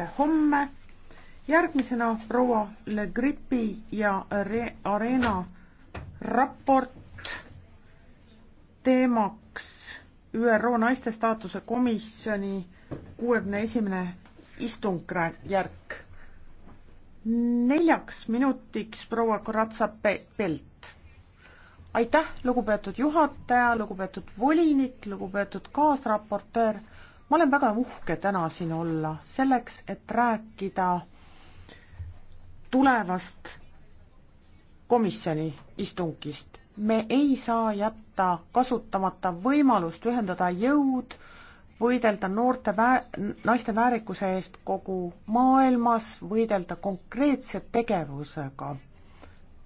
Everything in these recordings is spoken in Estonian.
hääletustele homme. järgmisena proua Le Gripi ja Re Arena raport teemaks ÜRO naiste staatuse komisjoni kuuekümne esimene istungjärk. neljaks minutiks proua Koratsa Pelt aitäh, lugupeetud juhataja, lugupeetud volinik, lugupeetud kaasraportöör ma olen väga uhke täna siin olla, selleks, et rääkida tulevast komisjoni istungist. me ei saa jätta kasutamata võimalust ühendada jõud, võidelda noorte vä-, naiste väärikuse eest kogu maailmas, võidelda konkreetse tegevusega.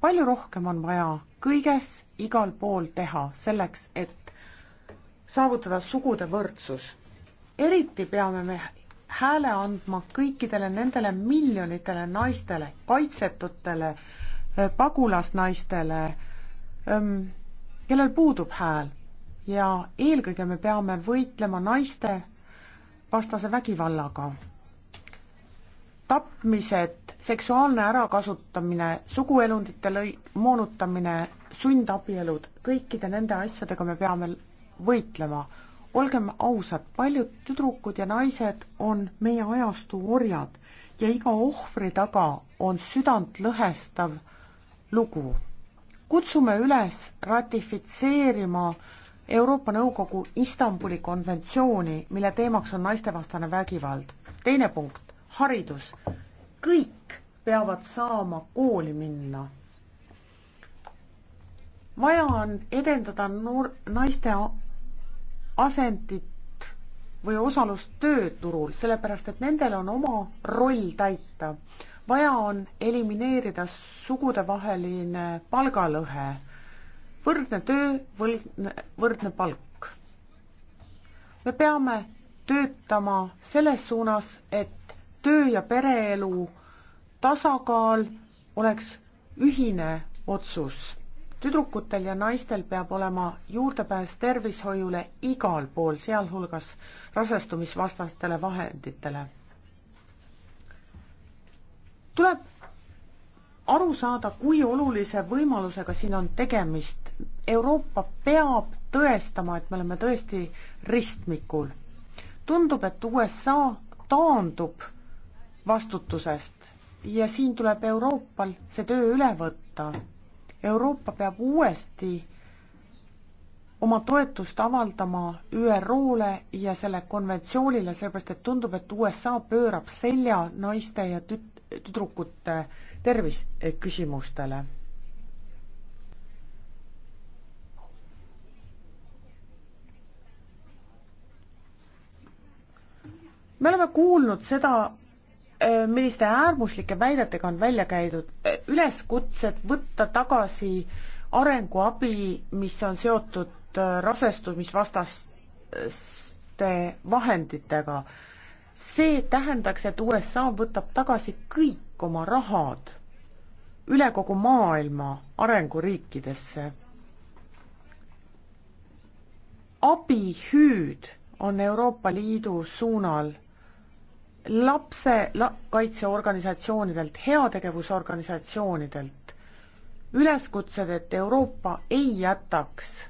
palju rohkem on vaja kõiges igal pool teha selleks, et saavutada sugude võrdsus eriti peame me hääle andma kõikidele nendele miljonitele naistele, kaitsetutele, äh, pagulasnaistele, ähm, kellel puudub hääl ja eelkõige me peame võitlema naiste vastase vägivallaga. tapmised, seksuaalne ärakasutamine, suguelundite lõi-, moonutamine, sundabielud, kõikide nende asjadega me peame võitlema olgem ausad, paljud tüdrukud ja naised on meie ajastu orjad ja iga ohvri taga on südantlõhestav lugu. kutsume üles ratifitseerima Euroopa Nõukogu Istanbuli konventsiooni, mille teemaks on naistevastane vägivald. teine punkt, haridus. kõik peavad saama kooli minna vaja on edendada noor, naiste asendit või osalust tööturul, sellepärast et nendel on oma roll täita. vaja on elimineerida sugudevaheline palgalõhe, võrdne töö, võrdne, võrdne palk. me peame töötama selles suunas, et töö ja pereelu tasakaal oleks ühine otsus tüdrukutel ja naistel peab olema juurdepääs tervishoiule igal pool, sealhulgas rasestumisvastastele vahenditele. tuleb aru saada, kui olulise võimalusega siin on tegemist. Euroopa peab tõestama, et me oleme tõesti ristmikul. tundub, et USA taandub vastutusest ja siin tuleb Euroopal see töö üle võtta Euroopa peab uuesti oma toetust avaldama ÜRO-le ja selle konventsioonile, sellepärast et tundub, et USA pöörab selja naiste ja tüt-, tüdrukute terviseküsimustele. Eh, me oleme kuulnud seda Äh, milliste äärmuslike väidetega on välja käidud, äh, üleskutsed võtta tagasi arenguabi, mis on seotud äh, rasestumisvastaste vahenditega. see tähendaks, et USA võtab tagasi kõik oma rahad üle kogu maailma arenguriikidesse. abihüüd on Euroopa Liidu suunal lapse la, kaitseorganisatsioonidelt, heategevusorganisatsioonidelt üleskutsed, et Euroopa ei jätaks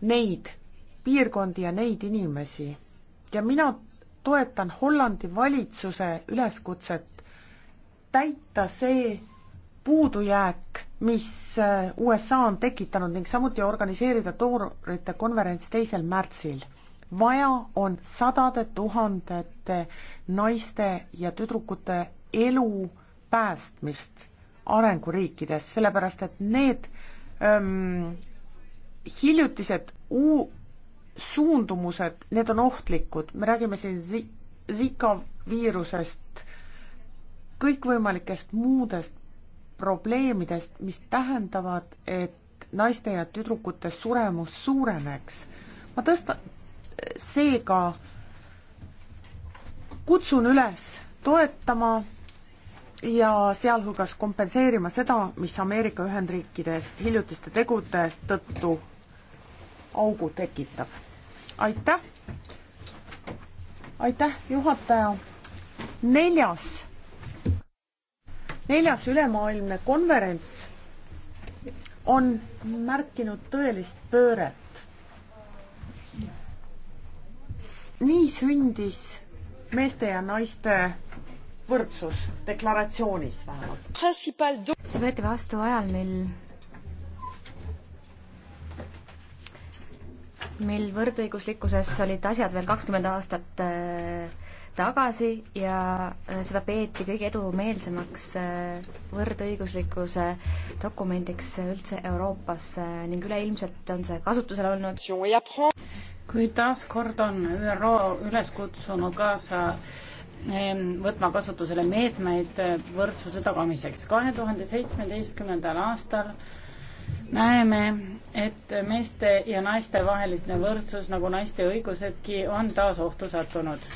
neid piirkondi ja neid inimesi ja mina toetan Hollandi valitsuse üleskutset täita see puudujääk, mis äh, USA on tekitanud ning samuti organiseerida toorite konverents teisel märtsil vaja on sadade tuhandete naiste ja tüdrukute elu päästmist arenguriikides, sellepärast et need öm, ähm, hiljutised uu-, suundumused, need on ohtlikud, me räägime siin zi-, Zika viirusest, kõikvõimalikest muudest probleemidest, mis tähendavad, et naiste ja tüdrukute suremus suureneks. ma tõsta-, seega kutsun üles toetama ja sealhulgas kompenseerima seda, mis Ameerika Ühendriikide hiljutiste tegude tõttu augu tekitab. aitäh! aitäh, juhataja! neljas, neljas ülemaailmne konverents on märkinud tõelist pööret nii sündis meeste ja naiste võrdsus deklaratsioonis vähemalt. see võeti vastu ajal, mil mil võrdõiguslikkuses olid asjad veel kakskümmend aastat äh, tagasi ja äh, seda peeti kõige edumeelsemaks äh, võrdõiguslikkuse dokumendiks üldse Euroopas ning üleilmselt on see kasutusel olnud kui taaskord on ÜRO üles kutsunud kaasa ehm, võtma kasutusele meetmeid eh, võrdsuse tagamiseks. kahe tuhande seitsmeteistkümnendal aastal näeme, et meeste ja naiste vaheline võrdsus nagu naiste õigusedki on taas ohtu sattunud.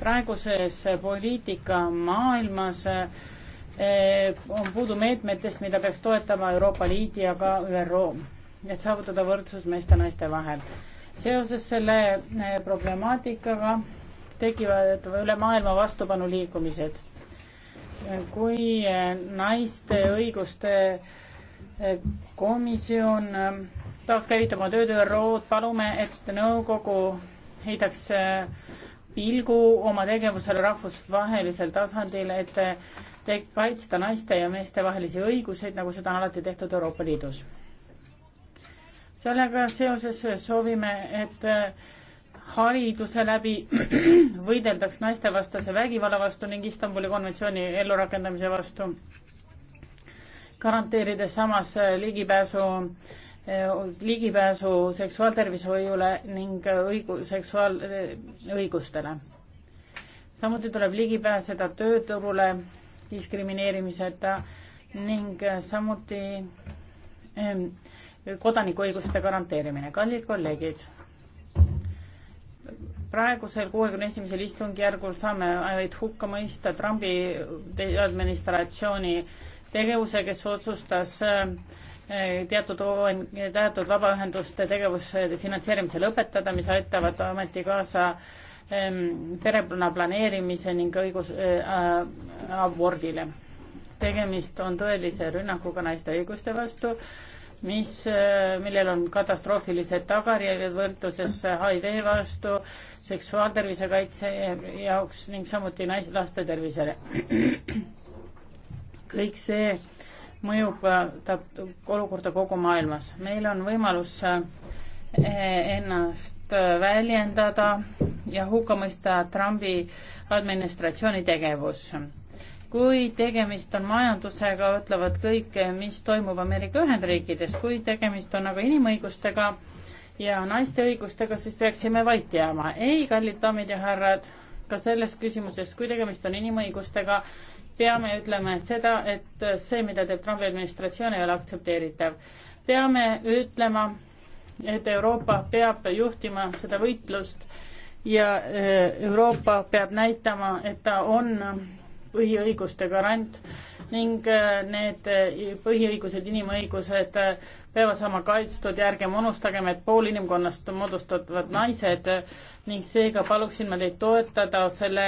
praeguses poliitikamaailmas eh, on puudu meetmetest, mida peaks toetama Euroopa Liit ja ka ÜRO et saavutada võrdsus meeste ja naiste vahel. seoses selle eh, problemaatikaga tekivad üle maailma vastupanuliikumised. kui eh, naiste õiguste eh, komisjon taaskäivitab oma tööd ÜRO-d, palume, et nõukogu heidaks pilgu oma tegevusele rahvusvahelisel tasandil, et kaitsta naiste ja meeste vahelisi õiguseid, nagu seda on alati tehtud Euroopa Liidus sellega seoses soovime, et äh, hariduse läbi võideldaks naistevastase vägivalla vastu ning Istanbuli konventsiooni ellurakendamise vastu, garanteerides samas äh, ligipääsu äh, ligipääsu seksuaaltervishoiule ning õigu-, seksuaalõigustele. samuti tuleb ligi pääseda tööturule diskrimineerimiseta ning samuti ähm, kodanikuõiguste garanteerimine. kallid kolleegid, praegusel kuuekümne esimesel istungjärgul saame vaid hukka mõista Trumpi administratsiooni tegevuse, kes otsustas eh, teatud, teatud vabaühenduste tegevuse finantseerimise lõpetada, mis aitavad ometi kaasa ehm, perekonna planeerimise ning õigus äh, abordile. tegemist on tõelise rünnakuga naiste õiguste vastu mis, millel on katastroofilised tagajärjed võrdluses HIV vastu, seksuaaltervise kaitse jaoks ning samuti nais-, laste tervisele. kõik see mõjutab olukorda kogu maailmas. meil on võimalus eh, ennast väljendada ja hukka mõista Trumpi administratsiooni tegevus kui tegemist on majandusega, ütlevad kõik, mis toimub Ameerika Ühendriikides, kui tegemist on aga inimõigustega ja naiste õigustega, siis peaksime vait jääma. ei, kallid daamid ja härrad, ka selles küsimuses, kui tegemist on inimõigustega, peame ütlema seda, et see, mida teeb Trumpi administratsioon, ei ole aktsepteeritav. peame ütlema, et Euroopa peab juhtima seda võitlust ja äh, Euroopa peab näitama, et ta on põhiõiguste garant ning äh, need äh, põhiõigused, inimõigused äh, peavad saama kaitstud ja ärgem unustagem, et pool inimkonnast moodustavad naised ning seega paluksin ma teid toetada selle,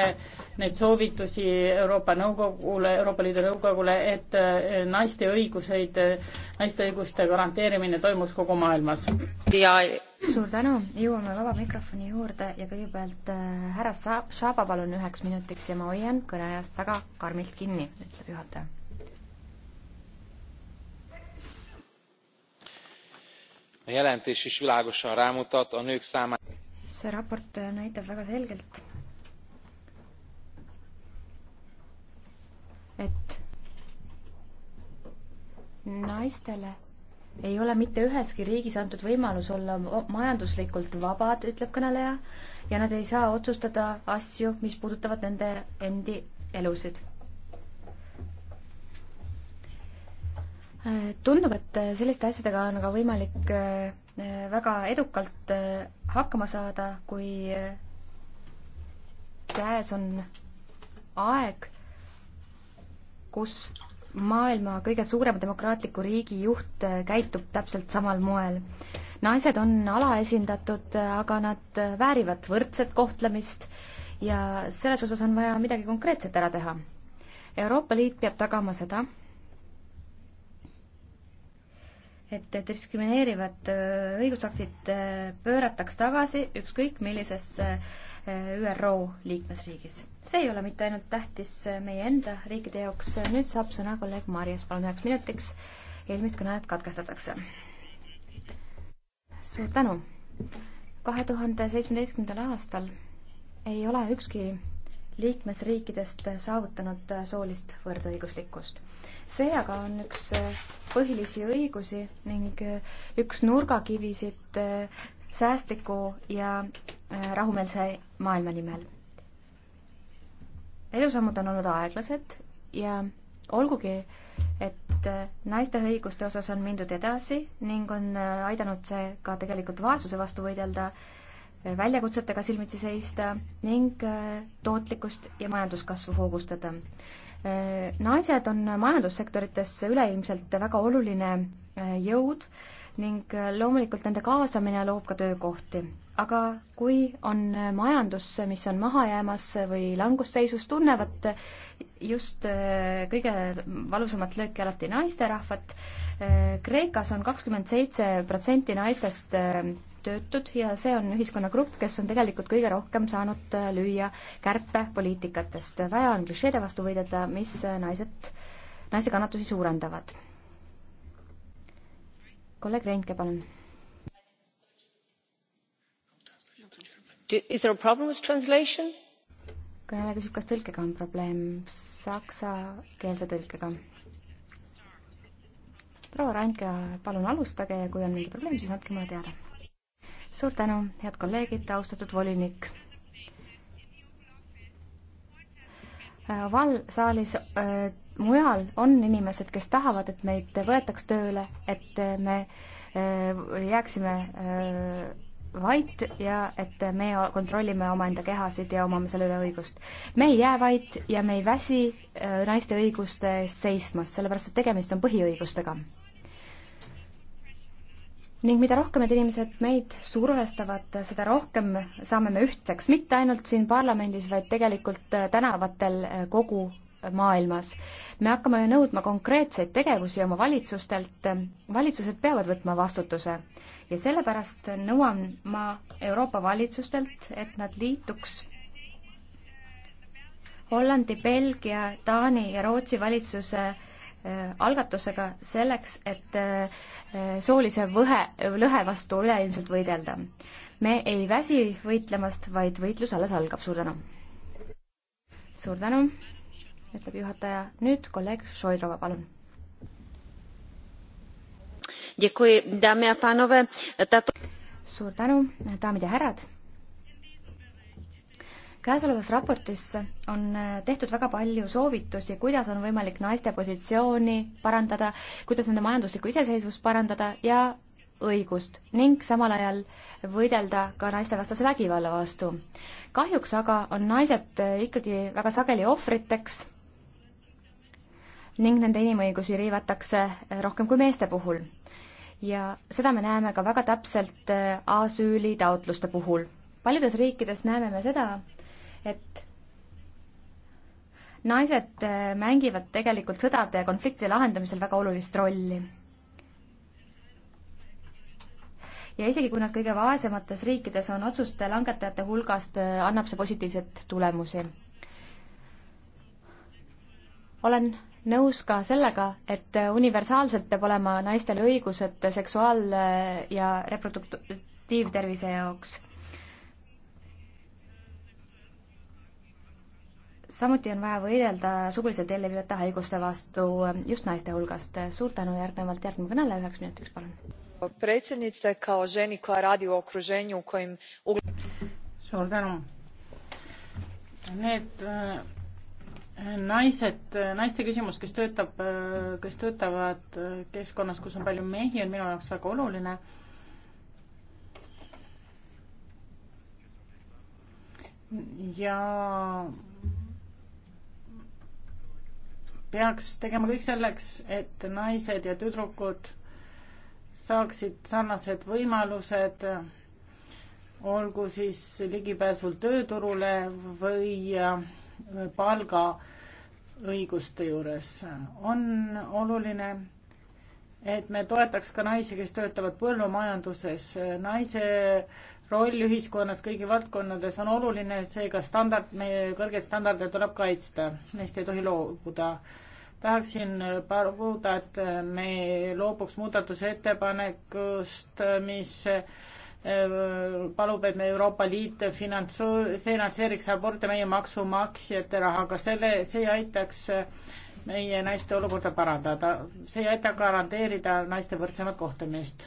neid soovitusi Euroopa Nõukogule, Euroopa Liidu Nõukogule, et eh, naiste õiguseid, naiste õiguste garanteerimine toimuks kogu maailmas. ja suur tänu, jõuame vaba mikrofoni juurde ja kõigepealt eh, härra Sa-, Šaba, palun üheks minutiks ja ma hoian kõneajast väga karmilt kinni, ütleb juhataja a jelentés is világosan rámutat a nők számára. see raport näitab väga selgelt, et naistele ei ole mitte üheski riigis antud võimalus olla majanduslikult vabad, ütleb kõneleja, ja nad ei saa otsustada asju, mis puudutavad nende endi elusid tundub, et selliste asjadega on aga võimalik äh, äh, väga edukalt äh, hakkama saada, kui käes on aeg, kus maailma kõige suurema demokraatliku riigi juht käitub täpselt samal moel. naised on alaesindatud, aga nad väärivad võrdset kohtlemist ja selles osas on vaja midagi konkreetset ära teha. Euroopa Liit peab tagama seda, et diskrimineerivad äh, õigusaktid äh, pöörataks tagasi ükskõik millisesse äh, ÜRO liikmesriigis. see ei ole mitte ainult tähtis meie enda riikide jaoks, nüüd saab sõna kolleeg Marjas, palun üheks minutiks, eelmist kõnet katkestatakse. suur tänu! kahe tuhande seitsmeteistkümnendal aastal ei ole ükski liikmesriikidest saavutanud soolist võrdõiguslikkust. see aga on üks äh, põhilisi õigusi ning äh, üks nurgakivisid äh, säästliku ja rahumeelse maailma nimel. edusammud on olnud aeglased ja olgugi, et naiste õiguste osas on mindud edasi ning on aidanud see ka tegelikult vaesuse vastu võidelda äh,, väljakutsetega silmitsi seista ning äh, tootlikkust ja majanduskasvu hoogustada. Äh, naised on majandussektorites üleilmselt väga oluline äh, jõud ning loomulikult nende kaasamine loob ka töökohti. aga kui on majandus, mis on maha jäämas või langusseisus, tunnevad just kõige valusamat lööki alati naisterahvad. Kreekas on kakskümmend seitse protsenti naistest töötud ja see on ühiskonnagrupp, kes on tegelikult kõige rohkem saanud äh, lüüa kärpepoliitikatest. vaja on klišeede vastu võidelda, mis äh, naised, naiste kannatusi suurendavad. kolleeg Reinke, palun. Is there a problem with translation? kõneleja küsib, kas tõlkega on probleem, saksakeelse tõlkega proua Randke, palun alustage ja kui on mingi probleem, siis andke mulle teada suur tänu, head kolleegid, austatud volinik. Äh, val-, saalis äh, mujal on inimesed, kes tahavad, et meid võetaks tööle, et me äh, jääksime äh, vait ja et meie kontrollime omaenda kehasid ja omame selle üle õigust. me ei jää vait ja me ei väsi äh, naiste õiguste eest seisma, sellepärast et tegemist on põhiõigustega ning mida rohkem need inimesed meid survestavad, seda rohkem saame me ühtseks, mitte ainult siin parlamendis, vaid tegelikult äh, tänavatel äh, kogu maailmas. me hakkame ju nõudma konkreetseid tegevusi oma valitsustelt, äh, valitsused peavad võtma vastutuse. ja sellepärast nõuan ma Euroopa valitsustelt, et nad liituks Hollandi, Belgia, Taani ja Rootsi valitsuse Äh, algatusega selleks, et äh, soolise võhe, lõhe vastu üleilmselt võidelda. me ei väsi võitlemast, vaid võitlus alles algab, suur tänu! suur tänu, ütleb juhataja, nüüd kolleeg Šoidrova, palun! suur tänu, daamid ja härrad! käesolevas raportis on äh, tehtud väga palju soovitusi, kuidas on võimalik naiste positsiooni parandada, kuidas nende majanduslikku iseseisvust parandada ja õigust ning samal ajal võidelda ka naistevastase vägivalla vastu. kahjuks aga on naised äh, ikkagi väga sageli ohvriteks ning nende inimõigusi riivatakse äh, rohkem kui meeste puhul. ja seda me näeme ka väga täpselt asüülitaotluste puhul. paljudes riikides näeme me seda, et naised äh, mängivad tegelikult sõdade ja konfliktide lahendamisel väga olulist rolli. ja isegi, kui nad kõige vaesemates riikides on otsuste langetajate hulgast, äh, annab see positiivseid tulemusi. olen nõus ka sellega, et äh, universaalselt peab olema naistel õigused seksuaal- ja reproduktiivtervise jaoks samuti on vaja võidelda suguliselt jälle viivate haiguste vastu äh, just naiste hulgast. suur tänu, järgnevalt järgmine kõneleja üheks minutiks, palun. suur tänu. Need äh, naised, äh, naiste küsimus, kes töötab, kes töötavad keskkonnas, kus on palju mehi, on minu jaoks väga oluline ja peaks tegema kõik selleks, et naised ja tüdrukud saaksid sarnased võimalused, olgu siis ligipääsul tööturule või äh, palgaõiguste juures. on oluline, et me toetaks ka naisi, kes töötavad põllumajanduses. naise roll ühiskonnas kõigi valdkondades on oluline, seega standard, meie kõrgeid standarde tuleb kaitsta, neist ei tohi loobuda. tahaksin paluda, et me loobuks muudatusettepanekust, mis äh, palub, et me Euroopa Liit finantsu-, finantseeriks aborte meie maksumaksjate rahaga, selle, see aitaks äh, meie naiste olukorda parandada, see ei aita garanteerida naiste võrdsemat kohtlemist.